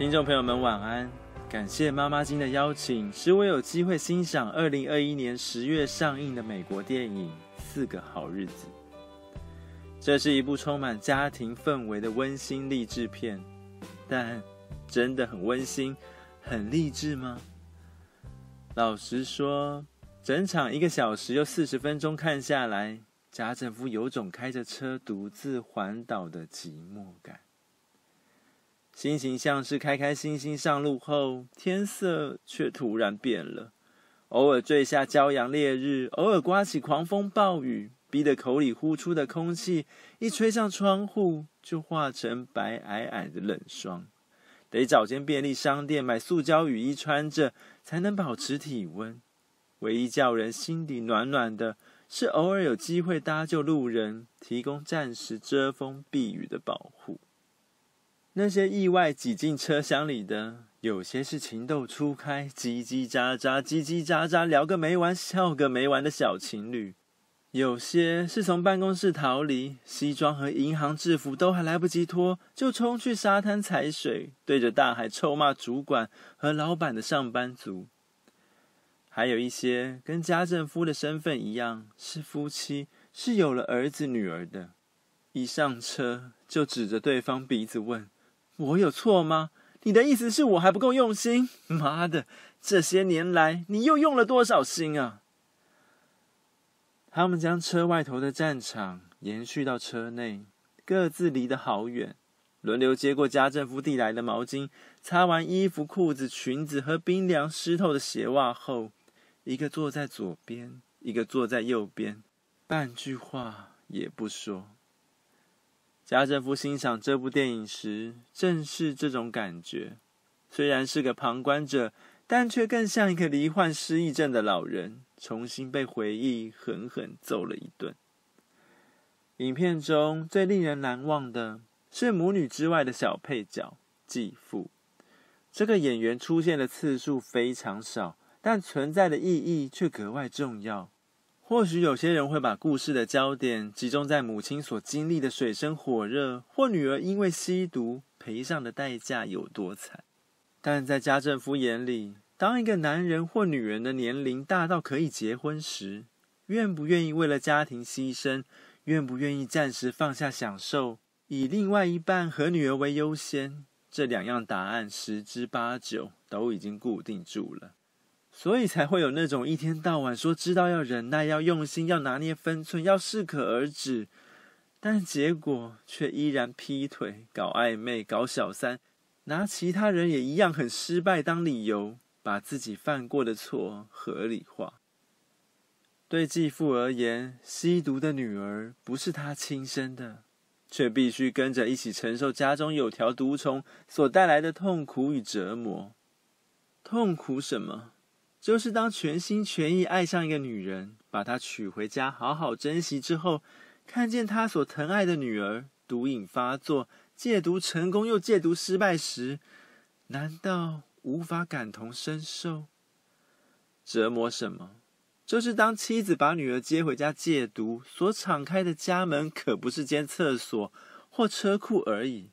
聽眾朋友們，晚安！感謝媽媽金的邀請，使我有機會欣賞二零二一年十月上映的美國電影《四個好日子》。這是一部充滿家庭氛圍的溫馨勵志片，但真的很溫馨、很勵志嗎？老實說，整場一個小時又四十分鐘看下來，家政夫有種開着車獨自環島的寂寞感。心情像是開開心心上路後，天色卻突然變了。偶爾墜下驕陽烈日，偶爾颳起狂風暴雨，逼得口裡呼出的空氣一吹上窗戶，就化成白皚皚的冷霜。得找間便利商店買塑膠雨衣穿着，才能保持體溫。唯一叫人心底暖暖的，是偶爾有機會搭救路人，提供暫時遮風避雨的保護。那些意外擠進車廂裡的，有些是情竇初開，嘰嘰喳喳，嘰嘰喳喳，聊個沒完，笑個沒完的小情侶；有些是從辦公室逃離，西裝和銀行制服都還來不及脫，就衝去沙灘踩水，對着大海臭罵主管和老闆的上班族；還有一些跟家政夫的身份一樣，是夫妻，是有了兒子女兒的，一上車就指着對方鼻子問。我有錯嗎？你的意思是我還不夠用心？媽的，這些年來你又用了多少心啊？他們將車外頭的戰場延續到車內，各自離得好遠，輪流接過家政夫遞來的毛巾，擦完衣服、褲子、裙子和冰涼濕透的鞋襪後，一個坐在左邊，一個坐在右邊，半句話也不說。家政夫欣賞這部電影時，正是這種感覺。雖然是個旁觀者，但卻更像一個罹患失憶症的老人，重新被回憶狠狠揍了一頓。影片中最令人難忘的是母女之外的小配角繼父。這個演員出現的次數非常少，但存在的意義卻格外重要。或許有些人會把故事的焦點集中在母親所經歷的水深火熱，或女兒因為吸毒賠上的代價有多慘。但在家政夫眼裡，當一個男人或女人的年齡大到可以結婚時，願不願意為了家庭犧牲，願不願意暫時放下享受，以另外一半和女兒為優先，這兩樣答案十之八九都已經固定住了。所以才會有那種一天到晚說知道要忍耐、要用心、要拿捏分寸、要適可而止，但結果卻依然劈腿、搞曖昧、搞小三，拿其他人也一樣很失敗當理由，把自己犯過的錯合理化。對繼父而言，吸毒的女兒不是他親生的，卻必須跟着一起承受家中有條毒蟲所帶來的痛苦與折磨。痛苦什麼？就是當全心全意愛上一個女人，把她娶回家，好好珍惜之後，看見她所疼愛的女兒毒癮發作，戒毒成功又戒毒失敗時，難道無法感同身受？折磨什麼？就是當妻子把女兒接回家戒毒，所敞開的家門可不是間廁所或車庫而已，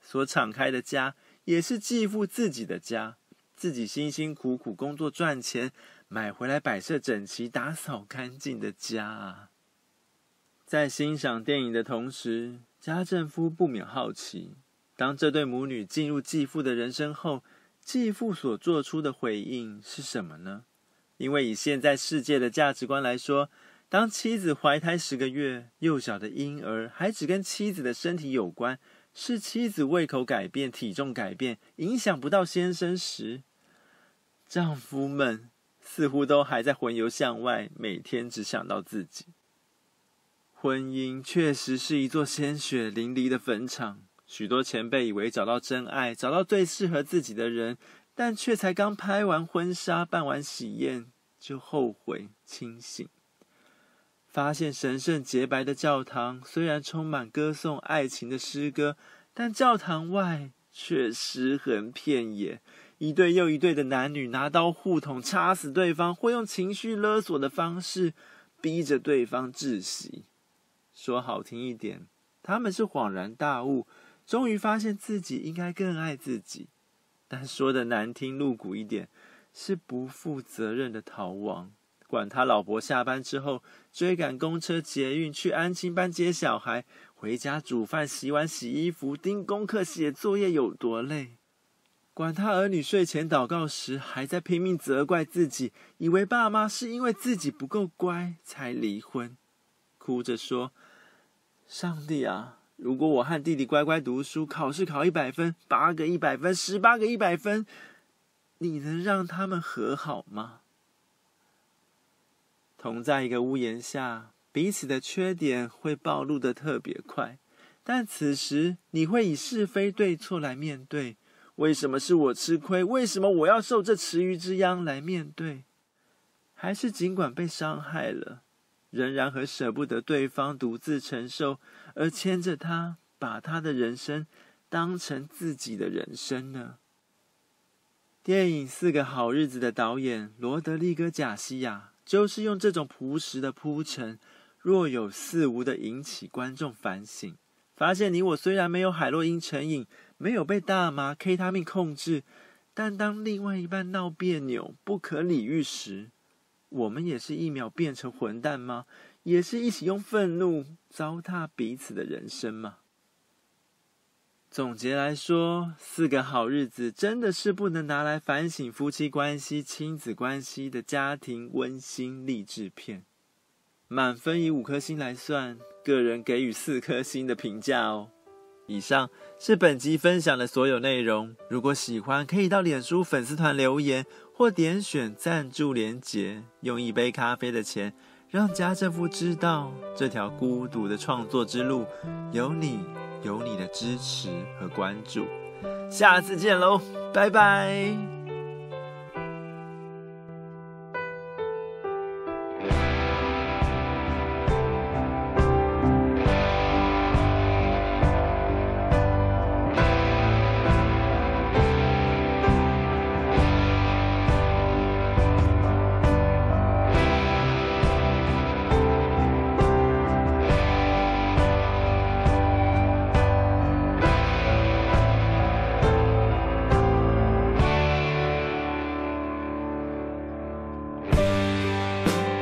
所敞開的家也是繼父自己的家。自己辛辛苦苦工作賺錢，買回來擺設整齊、打掃乾淨的家，在欣賞電影的同時，家政夫不免好奇：當這對母女進入繼父的人生後，繼父所做出的回應是什麼呢？因為以現在世界的價值觀來說，當妻子懷胎十個月，幼小的嬰兒還只跟妻子的身體有關，是妻子胃口改變、體重改變，影響不到先生時。丈夫們似乎都還在魂遊象外，每天只想到自己。婚姻確實是一座鮮血淋漓的墳場。許多前輩以為找到真愛，找到最適合自己的人，但卻才剛拍完婚紗、辦完喜宴，就後悔清醒，發現神聖潔白的教堂雖然充滿歌頌愛情的詩歌，但教堂外卻屍橫遍野。一對又一對的男女拿刀互捅插死對方，或用情緒勒索的方式逼着對方窒息。說好聽一點，他們是恍然大悟，終於發現自己應該更愛自己；但說的難聽露骨一點，是不負責任的逃亡。管他老婆下班之後追趕公車、捷運去安親班接小孩，回家煮飯、洗碗、洗衣服、盯功課、寫作業有多累。管他兒女睡前禱告時，還在拼命責怪自己，以為爸媽是因為自己不夠乖才離婚，哭着說：“上帝啊，如果我和弟弟乖乖讀書，考試考一百分，八個一百分，十八個一百分，你能讓他們和好嗎？”同在一個屋檐下，彼此的缺點會暴露得特別快，但此時你會以是非對錯來面對。為什麼是我吃虧？為什麼我要受這池魚之殃，來面對？還是儘管被傷害了，仍然很舍不得對方獨自承受，而牽着他，把他的人生當成自己的人生呢？電影《四個好日子》的導演羅德里戈·賈西亞，就是用這種樸實的鋪陳，若有似無的引起觀眾反省，發現你我雖然沒有海洛因成癮。沒有被大麻 K 他命控制，但當另外一半鬧別扭、不可理喻時，我們也是一秒變成混蛋嗎？也是一起用憤怒糟蹋彼此的人生嗎？總結來說，四個好日子真的是不能拿來反省夫妻關係、親子關係的家庭溫馨勵志片。滿分以五顆星來算，個人給予四顆星的評價哦。以上是本集分享的所有內容。如果喜歡，可以到臉書粉絲團留言或點選贊助連結，用一杯咖啡的錢，讓家政夫知道這條孤獨的創作之路有你，有你的支持和關注。下次見嘍，拜拜。